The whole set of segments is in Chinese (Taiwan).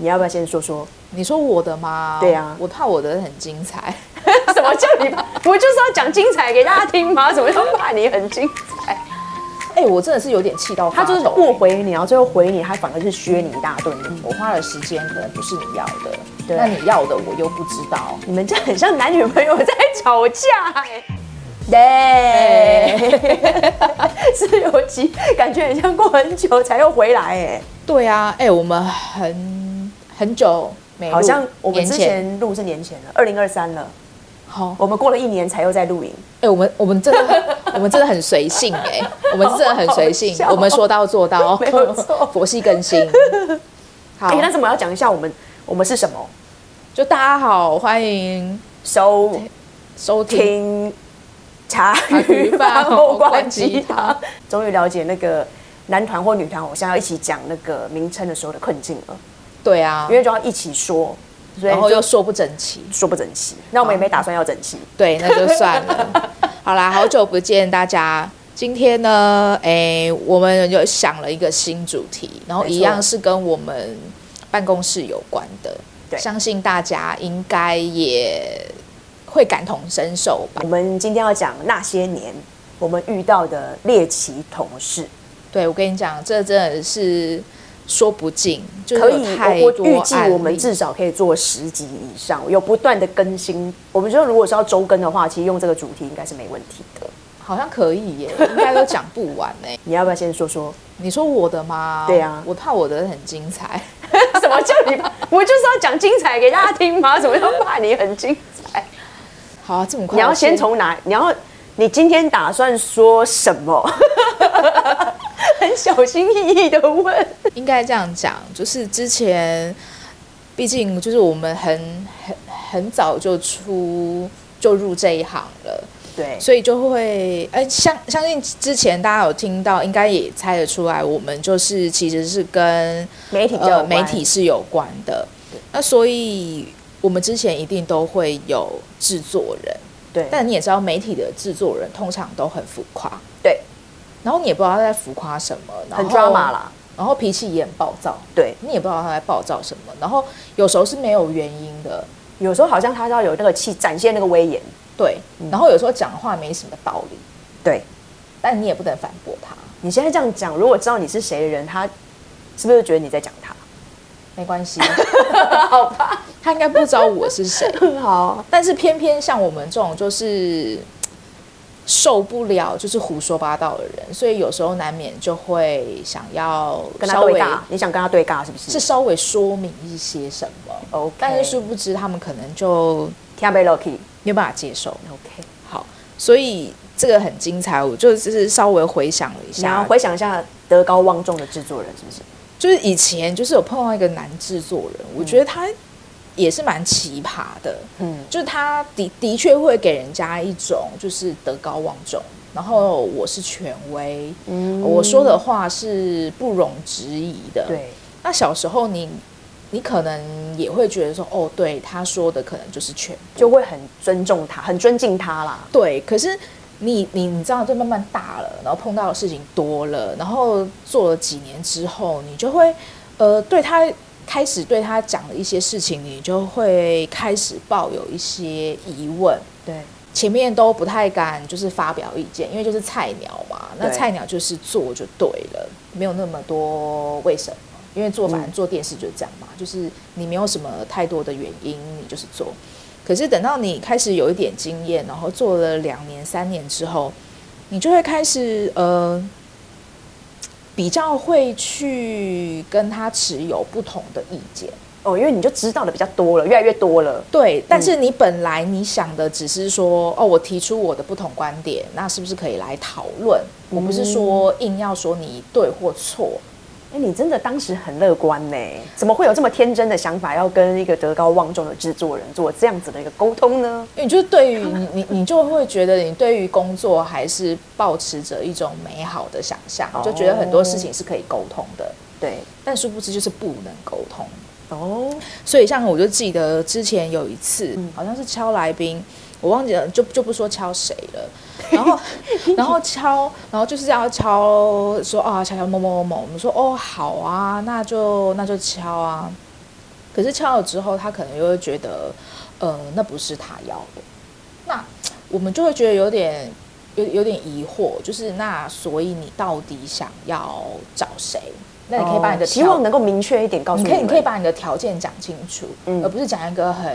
你要不要先說說？你說我的嗎？對呀、啊，我怕我的很精彩。 什麼叫你怕？ 我就是要講精彩給大家聽嗎？什麼叫怕你很精彩？哎、欸，我真的是有點氣到。他就是不回你，然後最後回你，他反而是削你一大頓、嗯嗯。我花了時間，可能不是你要的。對那你要的我又不知道。你們這樣很像男女朋友在吵架，哎、欸。對、欸。自由基感覺很像過很久才又回來，哎、欸。對啊，哎、欸，我們很。很久沒錄，好像我們之前錄是年前了，二零二三了。好，我們過了一年才又在錄影。哎，我們我們真的我們真的很隨性哎，我們真的很隨性，我們說到做到，沒有錯，佛系更新。好，但是我們要講一下，我們我們是什麼？就大家好，歡迎收收聽《茶餘飯後關吉他》。終於了解那個男團或女團，我現在要一起講那個名稱的時候的困境了。對啊，因為就要一起說，然後又說不整齊，說不整齊。那我們也沒打算要整齊、嗯，對，那就算了。 好啦，好久不見大家，今天呢，哎、欸，我們又想了一個新主題，然後一樣是跟我們辦公室有關的。對，相信大家應該也會感同身受吧。我們今天要講那些年我們遇到的獵奇同事。對，我跟你講，這真的是。說不盡，就可以太多，預計我們至少可以做十集以上，有不斷的更新。我們覺得如果是要周更的話，其實用這個主題應該是沒問題的，好像可以耶，應該都講不完 你要不要先說說？你說我的嗎？對呀、啊，我怕我的很精彩， 什麼叫你怕？我就是要講精彩給大家聽嘛，怎麼叫怕你很精彩？好、啊，這麼快？你要先從哪？你要？你今天打算說什麼？ 很小心翼翼的問。應該這樣講，就是之前，畢竟就是我們很很很早就出就入這一行了，對，所以就會哎相、呃、相信之前大家有聽到，應該也猜得出來，我們就是其實是跟媒體的、呃、媒體是有關的，對那所以我們之前一定都會有製作人。對，但你也知道，媒體的製作人通常都很浮誇，對。然後你也不知道他在浮誇什麼，很抓馬啦，然後脾氣也很暴躁，對，你也不知道他在暴躁什麼。然後有時候是沒有原因的，有時候好像他要有那個氣，展現那個威嚴，對。嗯，然後有時候講話沒什麼道理，對。但你也不能反駁他。你現在這樣講，如果知道你是誰的人，他是不是就覺得你在講他？沒關係， 好吧怕。他應該不知道我是誰。 好，但是偏偏像我們這種就是、呃、受不了，就是胡說八道的人，所以有時候難免就會想要跟他對尬。你想跟他對尬是不是？是稍微說明一些什麼。OK。但是殊不知他們可能就特別 low key 沒有辦法接受。OK。好，所以這個很精彩，我就只是稍微回想了一下。想要回想一下德高望重的製作人是不是？就是以前就是有碰到一個男製作人，嗯，我覺得他也是蠻奇葩的。嗯，就是他的的確會給人家一種就是德高望重，然後我是權威，嗯，我說的話是不容置疑的。對，那小時候你你可能也會覺得說哦，對他說的可能就是全，就會很尊重他，很尊敬他啦。對，可是。你你你知道，就慢慢大了，然後碰到的事情多了，然後做了幾年之後，你就會，呃，對他開始對他講的一些事情，你就會開始抱有一些疑問。對，對前面都不太敢就是發表意見，因為就是菜鳥嘛。那菜鳥就是做就對了，對沒有那麼多為什麼，因為做反正做電視就是這樣嘛，嗯，就是你沒有什麼太多的原因，你就是做。可是等到你開始有一點經驗，然後做了兩年、三年之後，你就會開始呃，比較會去跟他持有不同的意見哦，因為你就知道的比較多了，越來越多了。對，但是你本來你想的只是說，嗯、哦，我提出我的不同觀點，那是不是可以來討論？嗯、我不是說硬要說你對或錯。哎，欸、你真的當時很樂觀呢、欸？怎麼會有這麼天真的想法，要跟一個德高望重的製作人做這樣子的一個溝通呢？因為你就是對於你，你你就會覺得你對於工作還是抱持着一種美好的想象，嗯、就覺得很多事情是可以溝通的。對、哦，但殊不知就是不能溝通。哦，所以像我就記得之前有一次，好像是敲來賓。我忘記了，就就不說敲誰了，然後， 然後敲，然後就是要敲，說啊，敲、哦、敲，小小某某某某，我們說哦，好啊，那就那就敲啊。可是敲了之後，他可能又會覺得，呃，那不是他要的，那我們就會覺得有點有有點疑惑，就是那所以你到底想要找誰？那你可以把你的希望能夠明確一點，告訴你，可以你可以把你的條件講清楚，嗯，而不是講一個很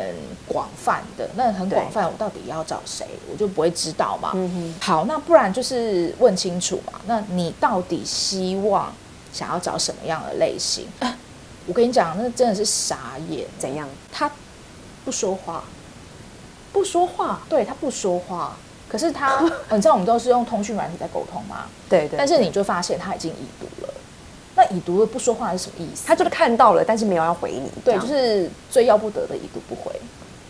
廣泛的。那很廣泛，我到底要找誰，我就不會知道嘛。嗯好，那不然就是問清楚嘛。那你到底希望想要找什麼樣的類型？我跟你講，那真的是傻眼。怎樣？他不說話，不說話。對他不說話，可是他，你知道我們都是用通訊軟體在溝通嘛。對對。但是你就發現他已經已讀了。你讀了不說話是什麼意思？他就是看到了，但是沒有要回你。樣對，就是最要不得的已讀不回，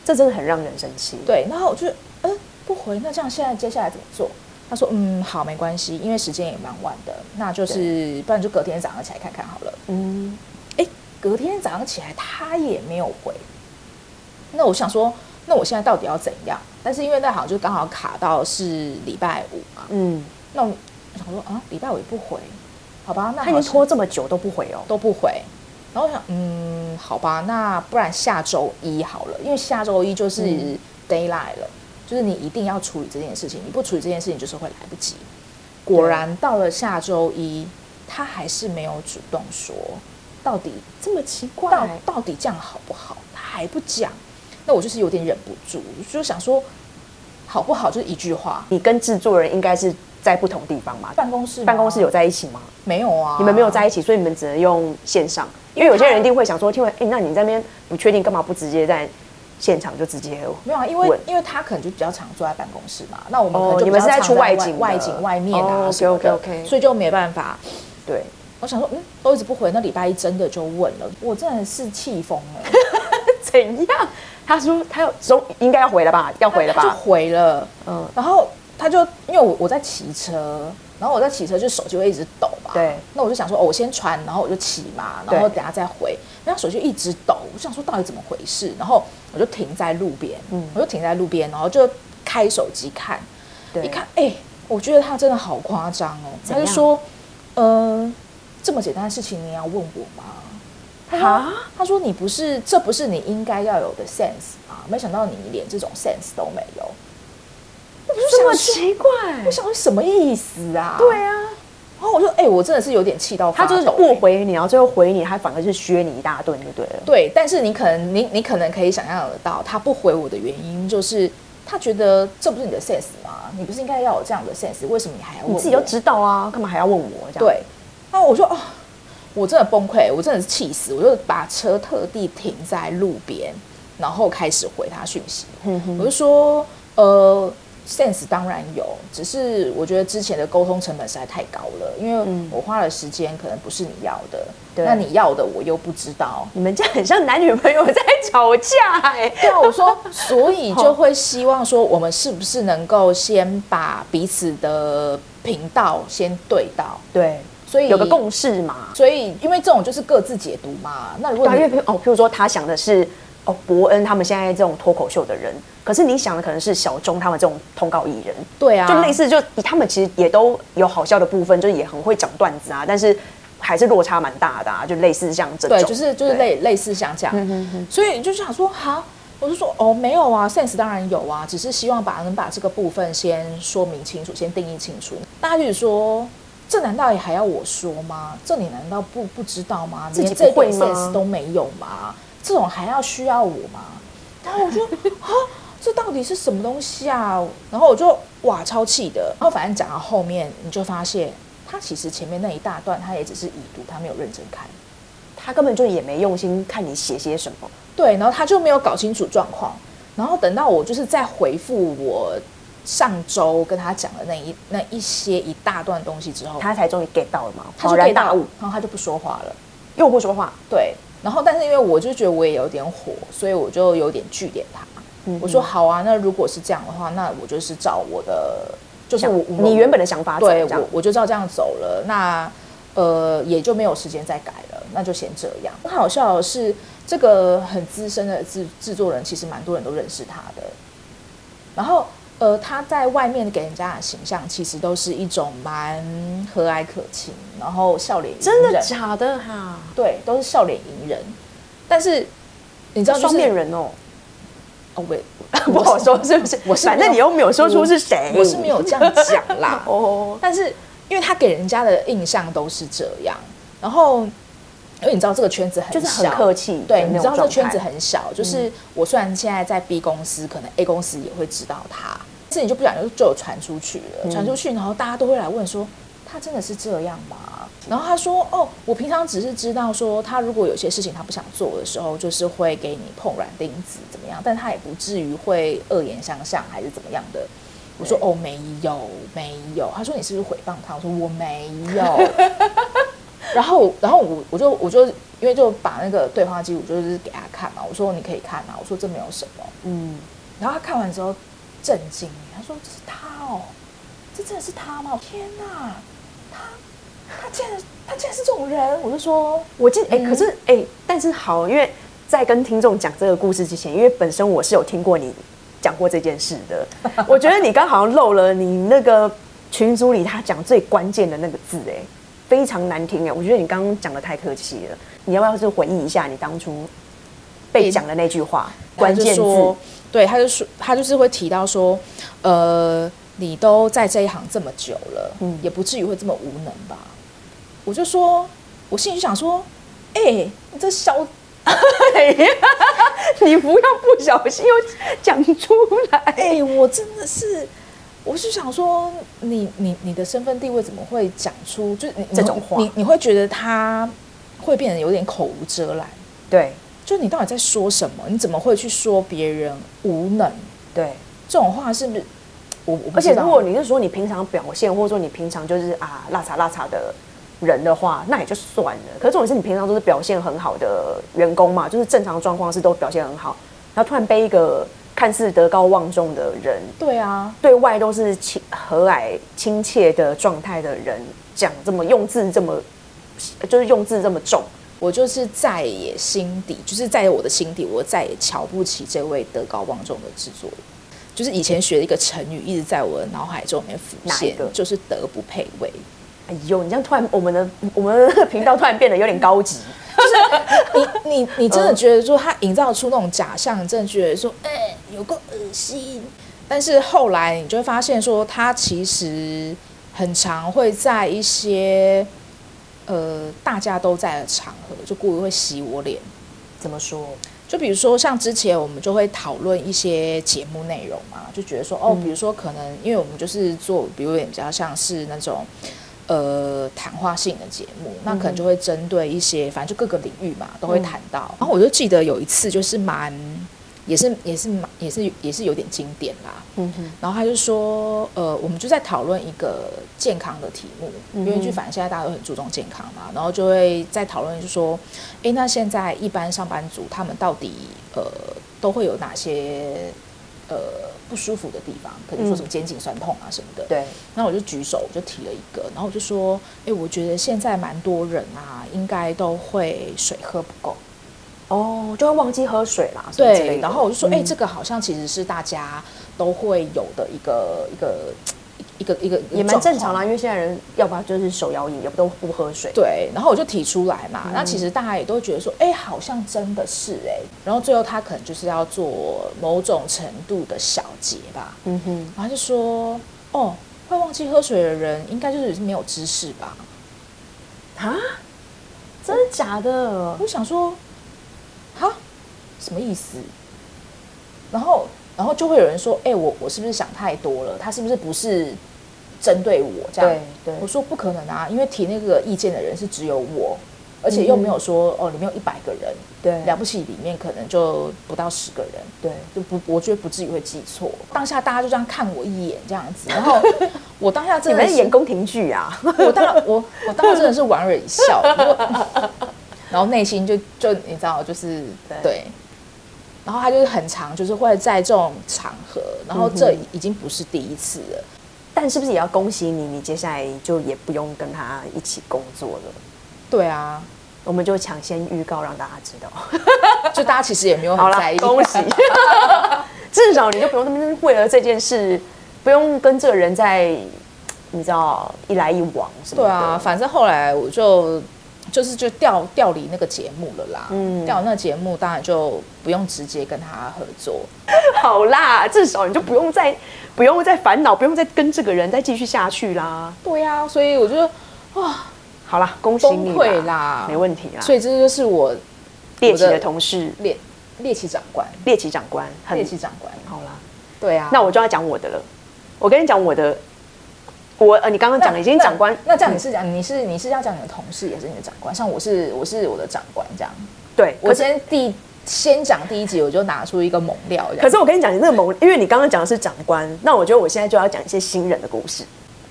這真的很讓人生氣。對，然後我就是、欸，不回，那這樣現在接下來怎麼做？他說，嗯，好，沒關係，因為時間也蠻晚的，那就是對不然就隔天早上起來看看好了。嗯，哎、欸，隔天早上起來他也沒有回，那我想說，那我現在到底要怎樣？但是因為那好像就剛好卡到是禮拜五嘛、啊。嗯，那我想說啊，禮拜五也不回。好吧，那他一拖這麼久都不回哦，喔，都不回。然後我想，嗯，好吧，那不然下周一好了，因為下周一就是 deadline 了，嗯、就是你一定要處理這件事情，你不處理這件事情就是會來不及。對果然到了下周一，他還是沒有主動說，到底這麼奇怪，到到底這樣好不好？他還不講，那我就是有點忍不住，就想說，好不好？就是一句話，你跟製作人應該是。在不同地方嘛，辦公室辦公室有在一起嗎？沒有啊，你們沒有在一起，所以你們只能用線上。因為有些人一定會想說：“聽完，哎，那你這邊不確定，幹嘛不直接在現場就直接？”沒有啊，因為因為他可能就比較常坐在辦公室嘛。那我們可能就、哦……你們是在出外景，外景外面啊，哦？OK OK OK，所以就沒辦法。對，我想說，嗯，都一直不回，那禮拜一真的就問了，我真的是氣瘋了。 怎樣？他說他要總應該要回了吧？要回了吧？就回了，嗯，然後。他就因為我我在騎車，然後我在騎車就手機會一直抖嘛。對。那我就想說，哦、我先穿，然後我就騎嘛，然後等下再回。那對手機一直抖，我就想說到底怎麼回事？然後我就停在路邊，嗯、我就停在路邊，然後就開手機看。對。一看，哎、欸，我覺得他真的好誇張哦。樣他就說，嗯、呃，這麼簡單的事情你要問我嗎？他說哈，他說你不是，這不是你應該要有的 sense 啊！沒想到你連這種 sense 都沒有。我就這，這麼奇怪，我想說什麼意思啊？對啊，然後我說：“哎、欸，我真的是有點氣到。”他就是不回你，然後最後回你，他反而是削你一大頓就對了。對，但是你可能，你你可能可以想象得到，他不回我的原因就是他覺得這不是你的 sense 嗎？你不是應該要有這樣的 sense？為什麼你還要問我你自己都知道啊？幹嘛還要問我？這樣對。然後我說：“哦、啊，我真的崩潰，我真的是氣死。”我就把車特地停在路邊，然後開始回他訊息。嗯、哼我就說：“呃。” Sense 當然有，只是我覺得之前的溝通成本實在太高了，因為我花的時間可能不是你要的，嗯、那你要的我又不知道。你們這樣很像男女朋友在吵架哎。對我說，所以就會希望說，我們是不是能夠先把彼此的頻道先對到？對，所以有個共識嘛。所以因為這種就是各自解讀嘛。那如果、啊、哦，譬如說他想的是。哦，博恩他們現在這種脫口秀的人，可是你想的可能是小鍾他們這種通告藝人，對啊，就類似就，就他們其實也都有好笑的部分，就是也很會講段子啊，但是還是落差蠻大的，啊。就類似像這樣子。對，就是就是類類似像這樣，對 所以就想說，哈，我就說，哦，沒有啊，sense 當然有啊，只是希望把能把這個部分先說明清楚，先定義清楚。大家就是說，這難道也還要我說嗎？這你難道不不知道嗎？自己不會嗎？連這點 sense 都沒有嗎？這種還要需要我嗎？然後我說啊，這到底是什麼東西啊？然後我就哇，超氣的。然後反正講到後面，你就發現他其實前面那一大段，他也只是已讀，他沒有認真看，他根本就也沒用心看你寫些什麼。對，然後他就沒有搞清楚狀況。然後等到我就是再回復我上周跟他講的那一那一些一大段東西之後，他才終於 get 到了嘛，恍然大悟。然後他就不說話了，又不說話，對。然後，但是因為我就覺得我也有點火，所以我就有點拒點他。嗯、哼我說好啊，那如果是這樣的話，那我就是照我的，就像、是、你原本的想法，對，我我就照這樣走了。那呃，也就沒有時間再改了，那就先這樣。很好笑的是這個很資深的製製作人，其實蠻多人都認識他的。然後。呃，他在外面給人家的形象其實都是一種蠻和藹可親，然後笑臉迎人。真的假的哈？對，都是笑臉迎人。但是你知道雙面人哦？哦，我不好說是不是？我是反正你又沒有說出是誰，我是沒有這樣講啦。哦，但是因為他給人家的印象都是這樣，然後因為你知道這個圈子很小，就是很客氣。對，你知道這個圈子很小，就是我雖然現在在 B 公司，可能 A 公司也會知道他。是你就不想就傳出去了，傳、嗯、出去，然後大家都會來問說他真的是這樣嗎？然後他說：“哦，我平常只是知道說他如果有些事情他不想做的時候，就是會給你碰軟釘子怎麼樣？但他也不至於會惡言相向還是怎麼樣的。對”我說：“哦，沒有，沒有。”他說：“你是不是毀謗他？”我說：“我沒有。” 然後，然後我就我就我就因為就把那個對話記錄就是給他看嘛。我說：“你可以看啊。”我說：“這沒有什麼。”嗯，然後他看完之後。震驚！他說：“這是他哦、喔，這真的是他嗎？天哪，他他竟然他竟然是這種人！”我就說：“我竟……哎、欸，嗯、可是哎、欸，但是好，因為在跟聽眾講這個故事之前，因為本身我是有聽過你講過這件事的， 我覺得你剛好像漏了你那個群組裡他講最關鍵的那個字哎、欸，非常難聽哎、欸，我覺得你剛剛講得太客氣了，你要不要就回憶一下你當初被講的那句話，欸、關鍵字？”對，他就說，他就是會提到說，呃，你都在這一行這麼久了，嗯，也不至於會這麼無能吧？我就說，我心裡想說，哎，這小，哎呀，你不要不小心又講出來，哎，我真的是，我是想說，你你你的身份地位怎麼會講出就你這種話？你你會覺得他會變得有點口無遮攔？對。就是你到底在說什麼？你怎麼會去說別人無能？對，這種話是不是？我，我不知道。而且如果你是說你平常表現，或者說你平常就是啊邋遢邋遢的人的話，那也就算了。可是這種事，你平常都是表現很好的員工嘛，就是正常狀況是都表現很好，然後突然被一個看似德高望重的人，對啊，對外都是親和藹親切的狀態的人講這麼用字這麼，嗯、就是用字這麼重。我就是再也心底，就是在我的心底，我再也瞧不起這位德高望重的製作人。就是以前學的一個成語，一直在我的腦海中面浮現，哪個就是德不配位。哎呦，你這樣突然我，我們的我們的頻道突然變得有點高級。就是你你你真的覺得說他營造出那種假象，真的覺得說哎、欸、有夠噁心，但是後來你就會發現說他其實很常會在一些。呃，大家都在的場合就故意會洗我臉。怎麼說？就比如說像之前我們就會討論一些節目內容嘛，就覺得說哦，嗯、比如說可能因為我們就是做，比如也比較像是那種呃談話性的節目，那可能就會針對一些、嗯、反正就各個領域嘛，都會談到。嗯、然後我就記得有一次就是蠻。也是也是蠻也是也是有點經典啦，嗯哼。然後他就說，呃，我們就在討論一個健康的題目，嗯、哼因為就反正現在大家都很注重健康嘛，然後就會在討論，就是說，哎，那現在一般上班族他們到底呃都會有哪些呃不舒服的地方？可能說什麼肩頸痠痛啊什麼的。對、嗯哼。那我就舉手我就提了一個，然後我就說，哎，我覺得現在蠻多人啊，應該都會水喝不夠。哦，oh, 就會忘記喝水啦。對，然後我就說，哎、嗯哼欸，這個好像其實是大家都會有的一個一個一個一個，一個一個也蠻正常啦。因為現在人，要不然就是手搖飲，要不都不喝水。對，然後我就提出來嘛。嗯、哼那其實大家也都覺得說，哎、欸，好像真的是哎、欸。然後最後他可能就是要做某種程度的小結吧。嗯哼，然後就說，哦，會忘記喝水的人，應該就是沒有知識吧？啊，真的假的？我，我想說。哈，huh? 什麼意思？然後，然後就會有人說：“哎、欸，我我是不是想太多了？他是不是不是針對我這樣對？”對，我說不可能啊，因為提那個意見的人是只有我，而且又沒有說、嗯、哦，裡面有一百個人，對，了不起裡面可能就不到十個人，對，對就不，我覺得不至於會記錯。當下大家就這樣看我一眼這樣子，然後 我當下真的是你演宮廷劇啊我我，我當我我當然真的是莞爾一笑。 然後內心就就你知道，就是對，對。然後他就是很常，就是會在這種場合。然後這已經不是第一次了，嗯，但是不是也要恭喜你？你接下來就也不用跟他一起工作了。對啊，我們就搶先預告讓大家知道，就大家其實也沒有很在意好。恭喜， 至少你就不用那麼為了這件事，不用跟這個人在你知道一來一往是對啊，反正後來我就。就是就調調離那個節目了啦，調、嗯、那個節目當然就不用直接跟他合作，好啦，至少你就不用再、嗯、不用再煩惱，不用再跟這個人再繼續下去啦。對呀、啊，所以我覺得哇，哦、好啦，恭喜你啦，啦沒問題啦。所以這就是我獵奇的同事，獵獵奇長官，獵奇長官，獵奇長官。好啦，對啊，那我就要講我的了。我跟你講我的。我呃，你剛剛講的已經那長官那，那這樣你是講、嗯、你是你是要講你的同事，也是你的長官？像我是我是我的長官這樣。對，我先第先講第一集，我就拿出一個猛料這樣。可是我跟你講，你那個猛，因為你剛剛講的是長官，那我覺得我現在就要講一些新人的故事，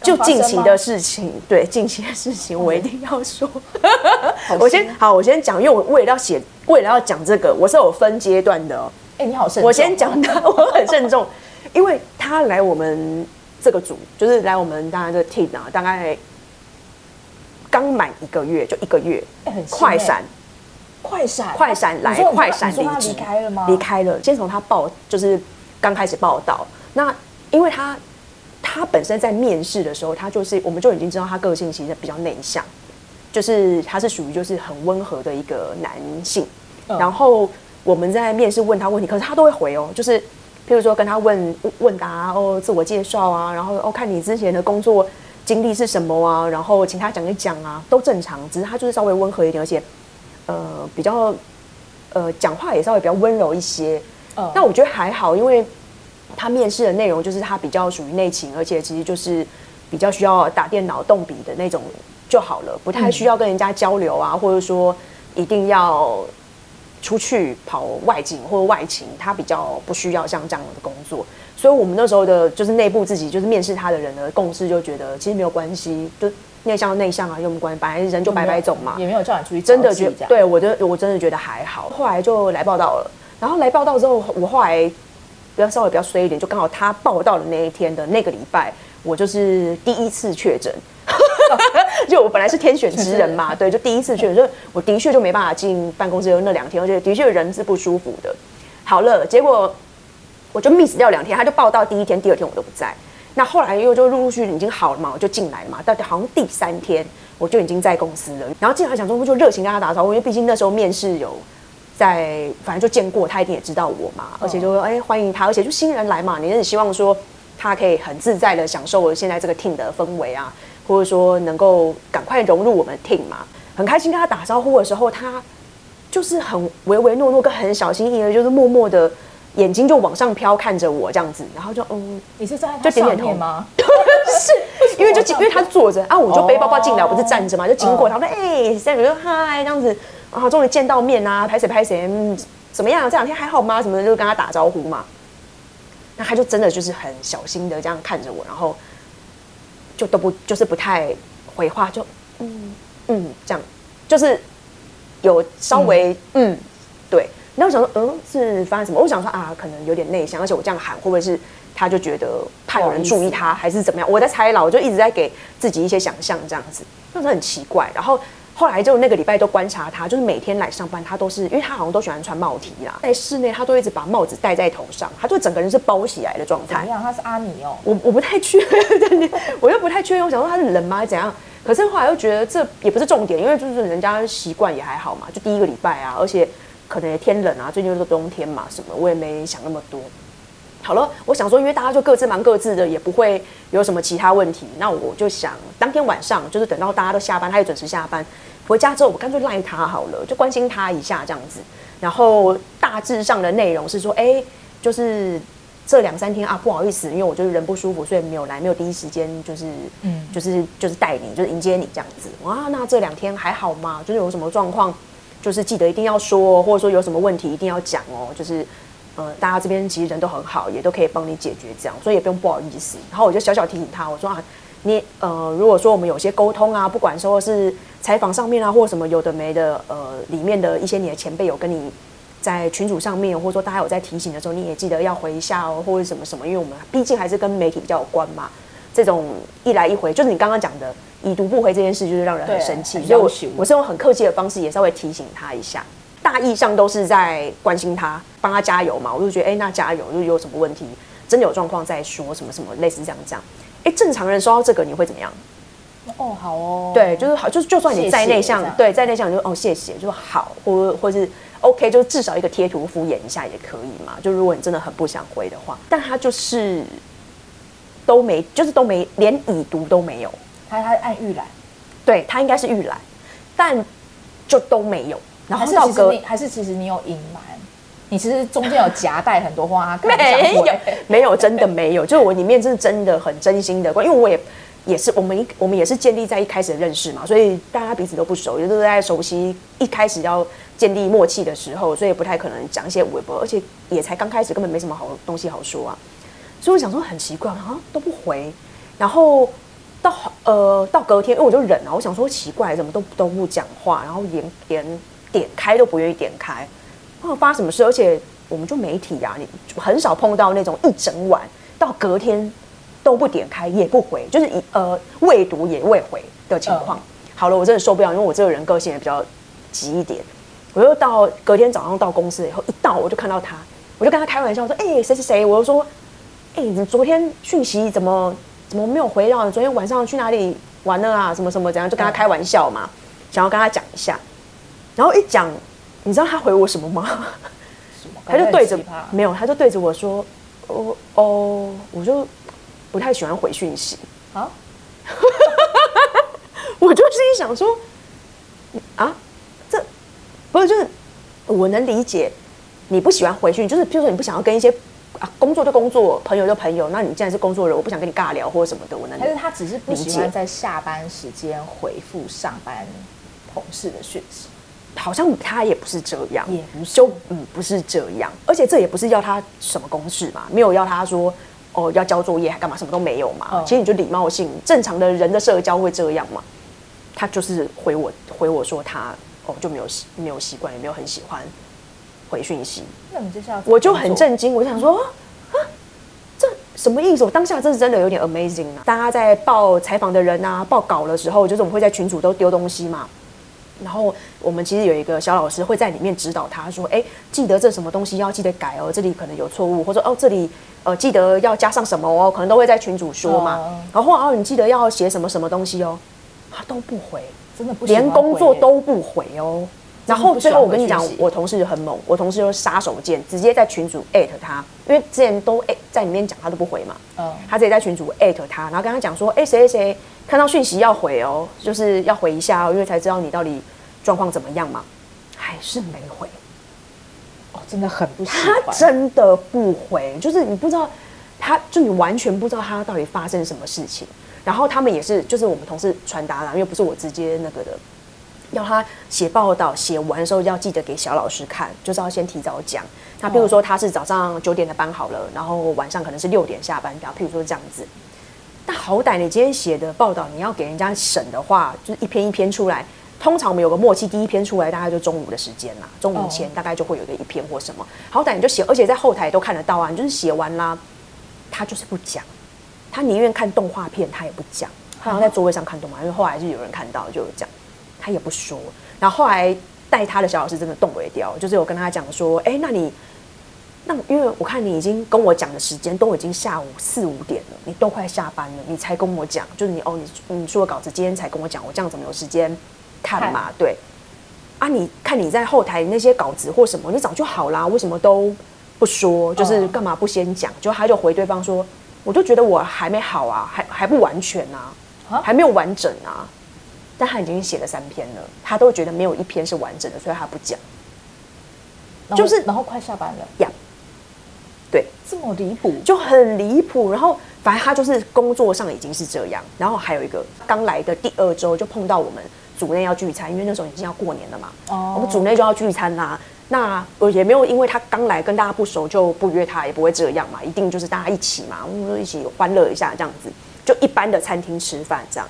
就近期的事情。對，近期的事情我一定要說。嗯、 我先好，我先講，因為我為了要寫，為了要講這個，我是有分階段的。哎、欸，你好慎重，慎我先講他，我很慎重， 因為他來我們。這個組就是來我們大家的 team 啊，大概剛滿一個月，就一個月，欸、快閃，快閃，快閃來，啊、你快閃離職，離開了嗎？離開了。先從他報，就是剛開始報到。那因為他他本身在面試的時候，他就是我們就已經知道他個性其實比較內向，就是他是屬於就是很溫和的一個男性。嗯、然後我們在面試問他問題，可是他都會回哦、喔，就是。就是說跟他問問答、啊、哦，自我介紹啊，然後哦看你之前的工作經歷是什麼啊，然後請他講一講啊，都正常，只是他就是稍微溫和一點，而且呃比較呃講話也稍微比較溫柔一些。那、嗯、我覺得還好，因為他面試的內容就是他比較屬於內勤，而且其實就是比較需要打電腦、動筆的那種就好了，不太需要跟人家交流啊，或者說一定要。出去跑外景或者外勤，他比較不需要像這樣的工作，所以我們那時候的就是內部自己就是面試他的人的共識就覺得其實沒有關係，就內向內向啊又沒有關係，本來人就白白走嘛，也沒有叫你出去，真的覺得，對，我就我真的覺得還好。後來就來報道了，然後來報道之後，我後來比較稍微比較衰一點，就剛好他報道的那一天的那個禮拜，我就是第一次確診。哦 就我本來是天選之人嘛， 對，就第一次去，就我的確就沒辦法進辦公室，就那兩天，而且的確人是不舒服的。好了，結果我就 miss 掉兩天，他就報到第一天、第二天我都不在。那後來又就陸陸續續已經好了嘛，我就進來嘛。到好像第三天我就已經在公司了。然後進來想說，我就熱情跟他打招呼，因為畢竟那時候面試有在，反正就見過他，一定也知道我嘛。而且就說，哎、欸，歡迎他，而且就新人來嘛，你也希望說他可以很自在的享受我現在這個 team 的氛圍啊。或者說能夠趕快融入我們 team 嘛，很開心跟他打招呼的時候，他就是很唯唯諾諾，跟很小心翼翼的，就是默默的，眼睛就往上飄看着我這樣子，然後就嗯，你是在就點點頭嗎？ 是因為就因為他坐着啊，我就背包包進來，我不是站着嘛，就經過他，我說哎，Sam，嗨，這樣子，然後終於見到面啊，拍誰拍誰，嗯，怎麼樣啊？這兩天還好嗎？什麼的就跟他打招呼嘛，那他就真的就是很小心的這樣看着我，然後。就都不就是不太回話，就嗯嗯這樣，就是有稍微嗯對，那我想說嗯是發生什麼？我想說啊，可能有點內向，而且我這樣喊會不會是他就覺得怕有人注意他還是怎麼樣？我在猜老我就一直在給自己一些想象這樣子，就是很奇怪，然後。後來就那個禮拜都觀察他，就是每天來上班，他都是因為他好像都喜歡穿帽 T 啦，在室內他都一直把帽子戴在頭上，他就整個人是包起來的狀態。他是阿尼哦？喔，我我不太確 我又不太確，我想說他是冷嗎？怎樣？可是後來又覺得這也不是重點，因為就是人家習慣也還好嘛。就第一個禮拜啊，而且可能天冷啊，最近又是冬天嘛，什麼我也沒想那麼多。好了，我想說，因為大家就各自忙各自的，也不會有什麼其他問題。那我就想，當天晚上就是等到大家都下班，他也準時下班，回家之後，我乾脆賴他好了，就關心他一下這樣子。然後大致上的內容是說，哎、欸，就是這兩三天啊，不好意思，因為我就是人不舒服，所以沒有來，沒有第一時間就是，嗯、就是，就是就是帶你，就是迎接你這樣子。哇，那這兩天還好嗎？就是有什麼狀況，就是記得一定要說，或者說有什麼問題一定要講哦，就是。嗯、呃，大家這邊其實人都很好，也都可以幫你解決這樣，所以也不用不好意思。然後我就小小提醒他，我說啊，你呃，如果說我們有些溝通啊，不管說是採訪上面啊，或者什麼有的沒的，呃，裡面的一些你的前輩有跟你在群組上面，或者說大家有在提醒的時候，你也記得要回一下哦、喔，或者什麼什麼，因為我們畢竟還是跟媒體比較有關嘛。這種一來一回，就是你剛剛講的已讀不回這件事，就是讓人很生氣。所以我，我是用很客氣的方式，也稍微提醒他一下。大意上都是在關心他，幫他加油嘛。我就覺得，哎、欸，那加油，就有什麼問題，真的有狀況再說什麼什麼，類似這樣這樣。哎、欸，正常人收到這個你會怎麼樣？哦，好哦。對，就是好，就是就算你再內向，謝謝對，再內向你就，就哦，謝謝，就好，或是或是 OK，就至少一個貼圖敷衍一下也可以嘛。就如果你真的很不想回的話，但他就是都沒，就是都沒連已讀都沒有，他他按預覽，對，他應該是預覽，但就都沒有。然後到還是其實你，還是其實你有隱瞞，你其實中間有夾帶很多話。沒有，剛剛沒有，真的沒有。就我裡面是真的很真心的關，因為我也也是我們一我們也是建立在一開始的認識嘛，所以大家彼此都不熟，就是在熟悉一開始要建立默契的時候，所以不太可能講一些微博，而且也才剛開始，根本沒什麼好東西好說啊。所以我想說很奇怪啊，都不回。然後到好呃到隔天，因為我就忍了、啊，我想說奇怪，怎麼都都不講話，然後延延。點開都不願意點開，不知道發什麼事，而且我們就媒體呀、啊，你很少碰到那種一整晚到隔天都不點開也不回，就是一呃未讀也未回的情況。呃、好了，我真的受不了，因為我這個人個性也比較急一點。我又到隔天早上到公司以後，一到我就看到他，我就跟他開玩笑說：“哎、欸，誰誰誰？”我又說：“哎、欸，你昨天訊息怎麼怎麼沒有回到？你昨天晚上去哪裡玩了啊？什麼什麼？怎樣？”就跟他開玩笑嘛，呃、想要跟他講一下。然後一講，你知道他回我什麼嗎？什麼？奇葩啊，他就對着，沒有，他就對着我說：“哦哦，我就不太喜歡回訊息。”啊，哈哈哈我就心想說：“啊，這不是就是我能理解你不喜歡回訊，就是譬如說你不想要跟一些啊工作就工作，朋友就朋友。那你既然是工作人，我不想跟你尬聊或什麼的，我能理解。但是他只是不喜歡在下班時間回復上班同事的訊息。好像他也不是這樣，也不是就嗯，不是這樣，而且這也不是要他什麼公式嘛，沒有要他說哦要交作業還幹嘛，什麼都沒有嘛。Oh. 其實你就禮貌性，正常的人的社交會這樣嘛。他就是回我回我說他哦就沒有習沒有習慣也沒有很喜歡回訊息。那你接下來我就很震驚，我就想說啊這什麼意思？我當下這是真的有點 amazing 啊！大家在報採訪的人啊報稿的時候，就是我們會在群組都丟東西嘛。然後我們其實有一個小老師會在裡面指導他，說：“哎，記得這什麼東西要記得改哦，這裡可能有錯誤，或者哦這裡呃記得要加上什麼哦，可能都會在群組說嘛。哦、然後哦你記得要寫什麼什麼東西哦，他都不回，真的不連工作都不回哦。哦”然後最後我跟你講，我同事就很猛，我同事就殺手鐧，直接在群組艾特他，因為之前都艾在裡面講他都不回嘛，嗯，他直接在群組艾特他，然後跟他講說，哎，誰誰誰看到訊息要回哦，就是要回一下哦，因為才知道你到底狀況怎麼樣嘛，還是沒回，哦，真的很不喜歡，他真的不回，就是你不知道，他就你完全不知道他到底發生什麼事情，然後他們也是，就是我們同事傳達了，因為不是我直接那個的。要他寫報道，寫完的時候要記得給小老師看，就是要先提早講。那比如說他是早上九點的班好了，oh. 然後晚上可能是六點下班表，譬如說這樣子。但好歹你今天寫的報道，你要給人家審的話，就是一篇一篇出來。通常我們有個默契，第一篇出來大概就中午的時間啦，中午前大概就會有一個一篇或什麼。Oh. 好歹你就寫，而且在後台都看得到啊，你就是寫完啦，他就是不講，他寧願看動畫片，他也不講。然後在座位上看動畫，oh. 因為後來是有人看到就講。他也不說，然後後來帶他的小老師真的動為掉了。就是我跟他講說，哎、欸，那你，那你因為我看你已經跟我講的時間都已經下午四五點了，你都快下班了，你才跟我講，就是你哦，你你說的稿子今天才跟我講，我這樣怎麼有時間看嘛？Hi. 對，啊，你看你在後台那些稿子或什麼，你早就好啦。為什麼都不說？就是幹嘛不先講？Oh. 就他就回對方說，我就覺得我還沒好啊，還還不完全啊，Huh? 還沒有完整啊。但他已經寫了三篇了，他都覺得沒有一篇是完整的，所以他不講。然後就是，然後快下班了呀，對，這麼離譜，就很離譜。然後，反正他就是工作上已經是這樣。然後還有一個，剛來的第二周就碰到我們組內要聚餐，因為那時候已經要過年了嘛，哦，我們組內就要聚餐啦。那我也沒有，因為他剛來跟大家不熟，就不約他，也不會這樣嘛，一定就是大家一起嘛，我們就一起歡樂一下這樣子，就一般的餐廳吃飯這樣。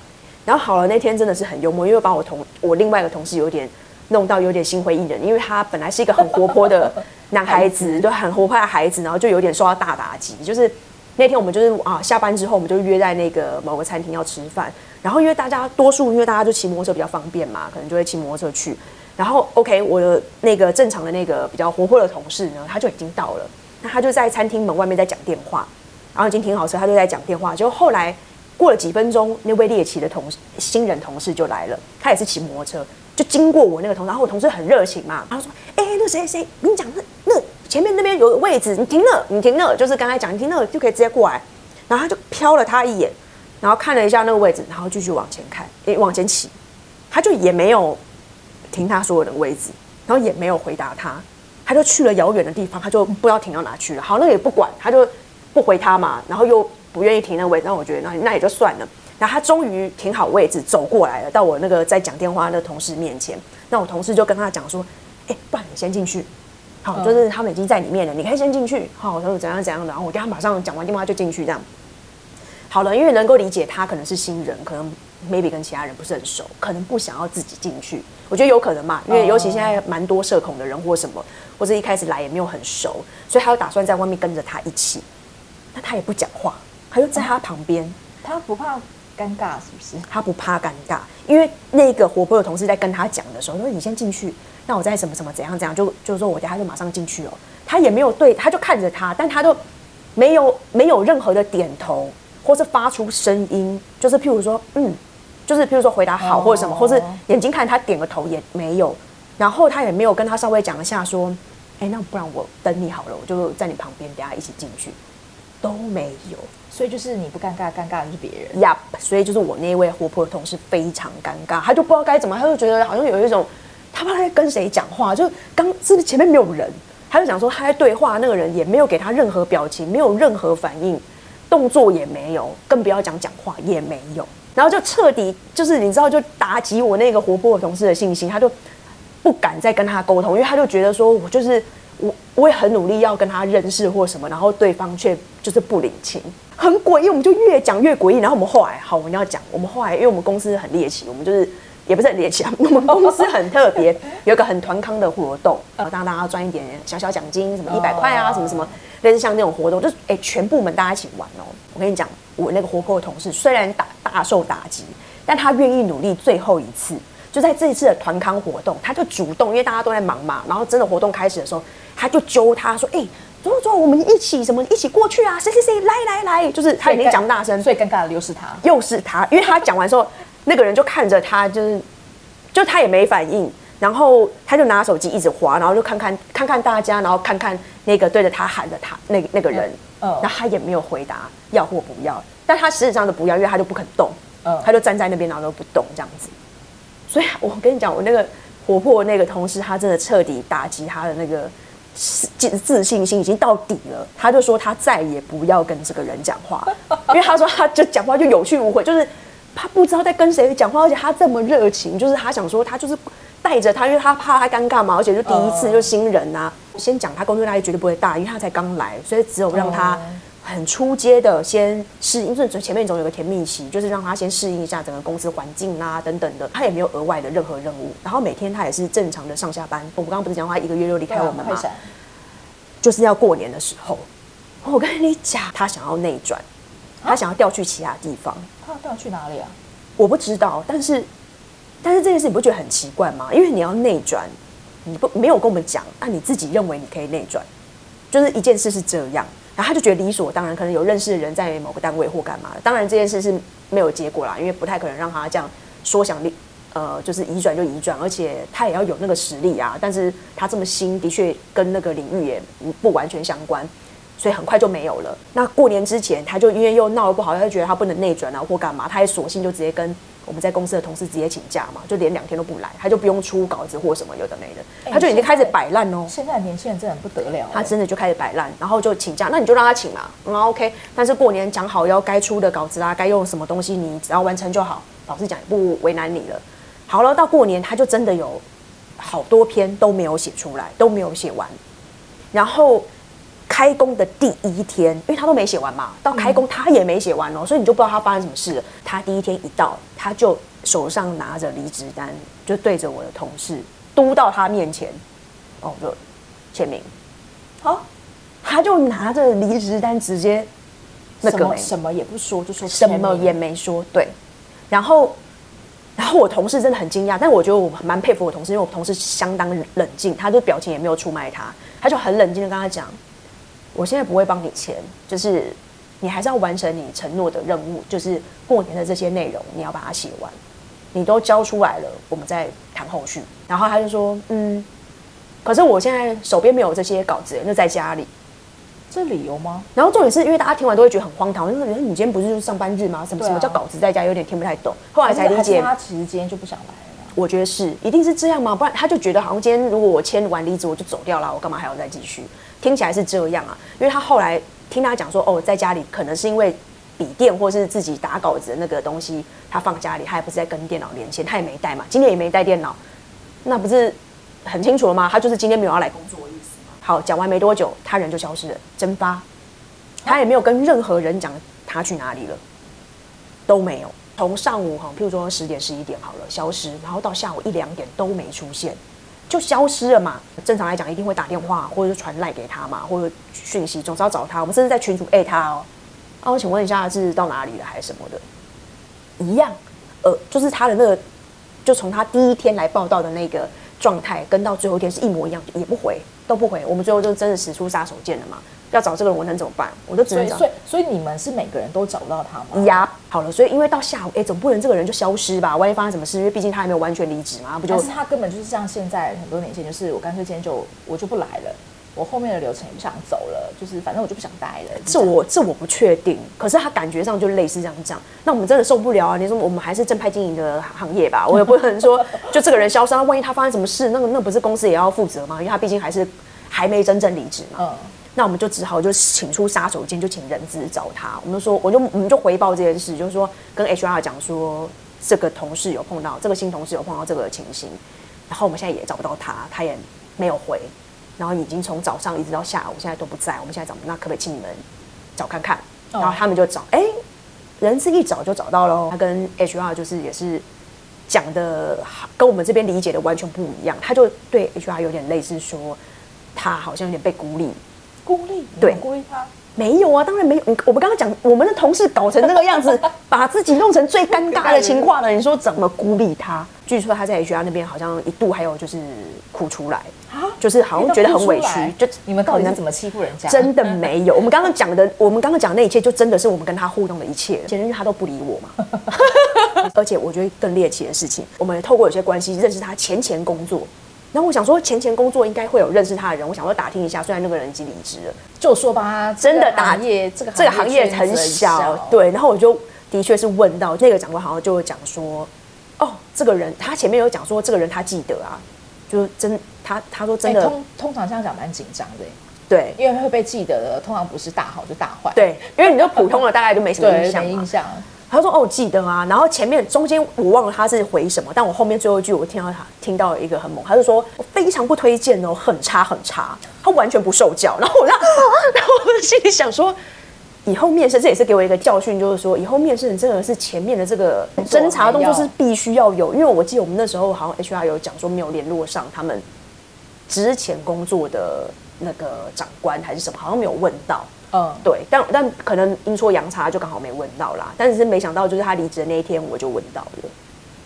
然後好了，那天真的是很幽默，因為把我同我另外一個同事，有點弄到有點心灰意冷，因為他本來是一個很活潑的男孩子，對，就很活潑的孩子，然後就有點受到大打擊。就是那天我們就是啊，下班之後我們就約在那個某個餐廳要吃飯，然後因為大家多數因為大家就騎摩托車比較方便嘛，可能就會騎摩托車去。然後 OK，我的那個正常的那個比較活潑的同事呢，他就已經到了，那他就在餐廳門外面在講電話，然後已經停好車，他就在講電話。就後來。過了幾分鐘，那位獵奇的同事新人同事就來了，他也是騎摩托車，就經過我那個同事。然後我同事很熱情嘛，然後說：“哎、欸，那誰誰，跟你講，那那前面那邊有個位置，你停那，你停那，就是剛才講，你停那就可以直接過來。”然後他就瞟了他一眼，然後看了一下那個位置，然後繼續往前開，哎、欸，往前騎，他就也沒有停他所有的位置，然後也沒有回答他，他就去了遙遠的地方，他就不知道停到哪去了。好，那個也不管，他就不回他嘛，然後又。不願意停那位置，那我覺得那那也就算了。那他終於停好位置，走過來了，到我那個在講電話的同事面前。那我同事就跟他講說：“哎、欸，不然你先進去，好、哦，嗯、就是他們已經在裡面了，你可以先進去，好、哦，我說怎樣怎樣的。”然後我叫他馬上講完電話就進去這樣。好了，因為能夠理解他可能是新人，可能 maybe 跟其他人不是很熟，可能不想要自己進去，我覺得有可能嘛，因為尤其現在蠻多社恐的人或什麼，嗯、或者一開始來也沒有很熟，所以他就打算在外面跟着他一起。那他也不講話。他就在他旁邊、哦，他不怕尷尬是不是？他不怕尷尬，因為那個活潑的同事在跟他講的時候，他說：“你先進去，那我再什麼什麼怎樣怎樣。就”就就是說，我等下就馬上進去哦。他也沒有對，他就看着他，但他都沒有沒有任何的點頭或是發出聲音，就是譬如說，嗯，就是譬如說回答好或者什麼，哦、或是眼睛看他點個頭也沒有。然後他也沒有跟他稍微講一下，說：“哎、欸，那不然我等你好了，我就在你旁邊等下一,一起進去。”都沒有。所以就是你不尷尬，尷尬的是別人。呀，yep, 所以就是我那位活潑的同事非常尷尬，他就不知道該怎麼，他就覺得好像有一種，他怕他在跟誰講話，就剛是不是前面沒有人，他就講說他在對話，那個人也沒有給他任何表情，沒有任何反應，動作也沒有，更不要講講話也沒有，然後就徹底就是你知道，就打擊我那個活潑的同事的信心，他就不敢再跟他溝通，因為他就覺得說我就是。我我也很努力要跟他認識或什麼，然後對方卻就是不領情，很詭異。我們就越講越詭異，然後我們後來好，我們要講，我們後來因為我們公司很獵奇，我們就是也不是很獵奇啊，我們公司很特別， 有一個很團康的活動，然後大家要賺一點小小獎金，什麼一百塊啊，什麼什麼，類似像那種活動，就哎、欸，全部門大家一起玩哦。我跟你講，我那個活潑的同事雖然打大受打擊，但他願意努力最後一次，就在這一次的團康活動，他就主動，因為大家都在忙嘛，然後真的活動開始的時候。他就揪他說：“哎、欸，走走走，我們一起什麼一起過去啊，誰誰誰來來來。就是他也沒講大聲，所以尷尬的又是他，又是他，因為他講完之後， 那個人就看着他，就是就他也沒反應，然後他就拿手機一直滑，然後就看看看看大家，然後看看那個對着他喊的他那那個人，嗯，哦、然後他也沒有回答要或不要，但他實際上的不要，因為他就不肯動，嗯、哦，他就站在那邊然後都不動這樣子。所以我跟你講，我那個活潑那個同事，他真的徹底打擊他的那個。”自自信心已經到底了，他就說他再也不要跟這個人講話。 因為他說他就講話就有去無回，就是他不知道在跟誰講話，而且他這麼熱情，就是他想說他就是帶着他，因為他怕他尷尬嘛，而且就第一次就新人吶、啊，oh. 先講他工作壓力絕對不會大，因為他才剛來，所以只有讓他。Oh. 很初階的，先適應，就是前面總有個甜蜜期，就是讓他先適應一下整個公司環境啦、啊，等等的，他也沒有額外的任何任務，然後每天他也是正常的上下班。我我剛剛不是講他一個月就離開我們嗎？啊、們就是要過年的時候，我跟你講，他想要內轉，他想要調去其他地方，啊、他要調去哪裡啊？我不知道，但是，但是這件事你不覺得很奇怪嗎？因為你要內轉，你不沒有跟我們講，那、啊、你自己認為你可以內轉，就是一件事是這樣。然後他就覺得理所當然，可能有認識的人在某個單位或幹嘛。當然這件事是沒有結果啦，因為不太可能讓他這樣說想離，呃，就是移轉就移轉，而且他也要有那個實力啊。但是他這麼新，的確跟那個領域也不不完全相關，所以很快就沒有了。那過年之前他就因為又鬧得不好，他就覺得他不能內轉啊或幹嘛，他也索性就直接跟。我們在公司的同事直接請假嘛，就連兩天都不來，他就不用出稿子或什麼有的沒的，欸、他就已經開始擺爛哦，現在年輕人真的不得了、欸，他真的就開始擺爛，然後就請假。那你就讓他請嘛，然後、嗯、啊、OK。但是過年講好要該出的稿子啊，該用什麼東西，你只要完成就好。老實講，不為難你了。好了，到過年他就真的有好多篇都沒有寫出來，都沒有寫完。然後開工的第一天，因為他都沒寫完嘛，到開工他也沒寫完哦、喔，嗯、所以你就不知道他發生什麼事了。他第一天一到。他就手上拿着離職單，就對着我的同事，嘟到他面前，哦，就簽名，好、哦，他就拿着離職單直接那個，什麼什麼也不說，就說什麼也沒說，對，然後，然後我同事真的很驚訝，但我覺得我蠻佩服我同事，因為我同事相當冷靜，他的表情也沒有出賣他，他就很冷靜的跟他講，我現在不會幫你簽，就是。你還是要完成你承諾的任務，就是過年的這些內容，你要把它寫完。你都交出來了，我們再談後續。然後他就說：“嗯，可是我現在手邊沒有這些稿子、欸，那在家裡，這理由嗎？”然後重點是因為大家聽完都會覺得很荒唐，因、嗯、為你今天不是上班日嗎？什麼什麼、啊、叫稿子在家，有點聽不太懂。後來才理解他其實今天就不想來了。我覺得是，一定是這樣嗎？不然他就覺得好像今天如果我簽完離職，我就走掉了，我幹嘛還要再繼續？聽起來是這樣啊，因為他後來。聽他講說，哦，在家裡可能是因為筆電或是自己打稿子的那個東西，他放家裡，他也不是在跟電腦連線，他也沒帶嘛，今天也沒帶電腦，那不是很清楚了嗎？他就是今天沒有要來工作的意思嗎？好，講完沒多久，他人就消失了，蒸發，他也沒有跟任何人講他去哪裡了，都沒有。從上午哈，譬如說十點、十一點好了，消失，然後到下午一兩點都沒出現。就消失了嘛？正常來講，一定會打電話，或者是傳賴給他嘛，或者訊息，總是要找他。我們甚至在群組 at 他哦。那、哦、我請問一下，是到哪裡了，還是什麼的？一樣，呃，就是他的那個，就從他第一天來報到的那個狀態，跟到最後一天是一模一樣，也不回，都不回。我們最後就真的使出殺手鐧了嘛。要找這個人，我能怎麼辦？我都只能找。所以你們是每個人都找不到他嗎？呀，yeah, 好了，所以因為到下午，哎、欸，總不能這個人就消失吧？萬一發生什麼事，因為畢竟他還沒有完全離職嘛，不就？是他根本就是像現在很多年輕人，就是我乾脆今天就我就不來了，我後面的流程也不想走了，就是反正我就不想待了。是是這我這我不確定，可是他感覺上就類似這樣講這樣。那我們真的受不了啊！你說我們還是正派經營的行，行業吧？我也不能說就這個人消失， 萬一他發生什麼事，那那不是公司也要負責嗎？因為他畢竟還是還沒真正離職嘛。嗯。那我們就只好就請出殺手鐧，就請人資找他。我們就說，我就我們就回報這件事，就是說跟 HR 講說，這個同事有碰到這個新同事有碰到這個的情形，然後我們現在也找不到他，他也沒有回，然後已經從早上一直到下午現在都不在。我們現在找，那可不可以請你們找看看？然後他們就找，哎、欸，人資一找就找到了，他跟 HR 就是也是講的，跟我們這邊理解的完全不一樣。他就對 HR 有點類似說，他好像有點被孤立。孤立，孤立他？對，沒有啊，當然沒有。我們剛剛講我們的同事搞成這個樣子， 把自己弄成最尷尬的情況了。你說怎麼孤立他？據說他在 HR 那邊好像一度還有就是哭出來，蛤就是好像覺得很委屈。就你們到底想怎麼欺負人家？真的沒有。我們剛剛講的，我們剛剛講的那一切，就真的是我們跟他互動的一切。簡直是他都不理我嘛， 而且我覺得更獵奇的事情，我們透過有些關係認識他前前工作。然後我想說，前前工作應該會有認識他的人，我想說打聽一下。雖然那個人已經離職了，就說吧，這個，真的打業這個業這個行業很小，很小對。然後我就的確是問到那個長官，好像就會講說，哦，這個人他前面有講說，這個人他記得啊，就真他他說真的。欸、通通常這樣講蠻緊張的，欸，對，因為會被記得的通常不是大好就大壞，對，因為你就普通的大概就沒什麼印象，啊。 他說：“哦，記得啊，然後前面中間我忘了他是回什麼，但我後面最後一句我聽到他聽到一個很猛，他就說我非常不推薦哦，很差很差，他完全不受教。然後我讓，然後我心裡想說，以後面試這也是給我一個教訓，就是說以後面試人真的是前面的這個偵查動作是必須要有，因為我記得我們那時候好像 HR 有講說沒有聯絡上他們之前工作的那個長官還是什麼，好像沒有問到。”嗯，對，但但可能陰錯陽差就剛好沒問到啦，但是沒想到就是他離職的那一天我就問到了，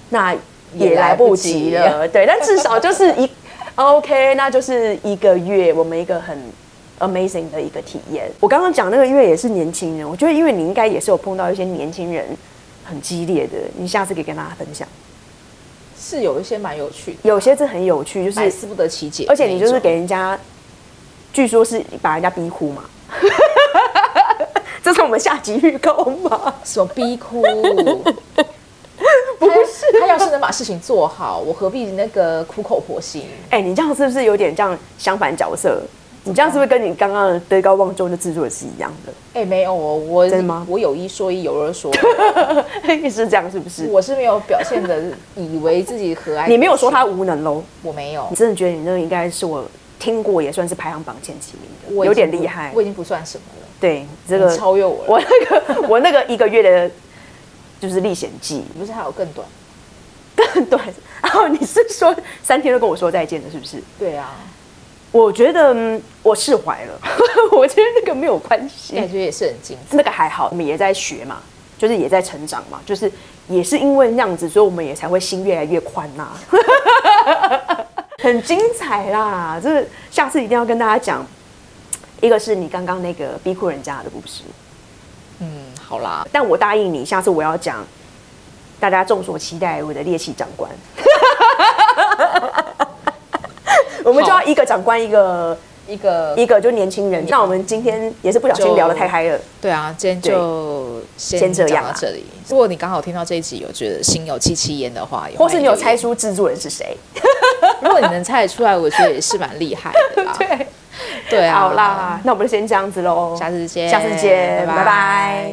那也來不及了，及了 對，但至少就是一 OK，那就是一個月，我們一個很 amazing 的一個體驗。我剛剛講那個月也是年輕人，我覺得因為你應該也是有碰到一些年輕人很激烈的，你下次可以跟大家分享。是有一些蠻有趣的，有些是很有趣，就是百思不得其解，而且你就是給人家，據說是把人家逼哭嘛。 這是我們下集預告嗎？什麼逼哭？不是，他要是能把事情做好，我何必那個苦口婆心？哎、欸，你這樣是不是有點像相反角色？你這樣是不是跟你剛剛的德高望重的製作人也是一樣的？哎、欸，沒有哦，我真的嗎？我有一說一有人說，有二說二，一直這樣是不是？我是沒有表現的，以為自己和藹。你沒有說他無能嘍？我沒有。你真的覺得你那個應該是我？聽過也算是排行榜前幾名的，我有點厲害。我已經不算什麼了。對，這個超越我了。我那個 我那個一個月的，就是歷險《歷險記》，不是還有更短，更短？然、啊、後你是說三天都跟我說再見了，是不是？對啊。我覺得我釋懷了， 我覺得那個沒有關係，感覺也是很精彩。那個還好，我們也在學嘛，就是也在成長嘛，就是也是因為那樣子，所以我們也才會心越來越寬吶、啊。 很精彩啦！就是下次一定要跟大家講，一個是你剛剛那個逼哭人家的故事。嗯，好啦，但我答應你，下次我要講大家眾所期待我的獵奇長官。 好 我們就要一個長官，一個好一個一個就年輕人、嗯。那我們今天也是不小心聊得太嗨了。對啊，今天就對先這樣到這裡。這啊、如果你剛好聽到這一集，有覺得心有戚戚焉的話，或是你有猜出制作人是誰？ 如果你能猜得出來，我覺得也是蠻厲害的啦。 對，對啊。好啦，好啦，那我們就先這樣子嘍，下次見，下次見，拜拜。拜拜。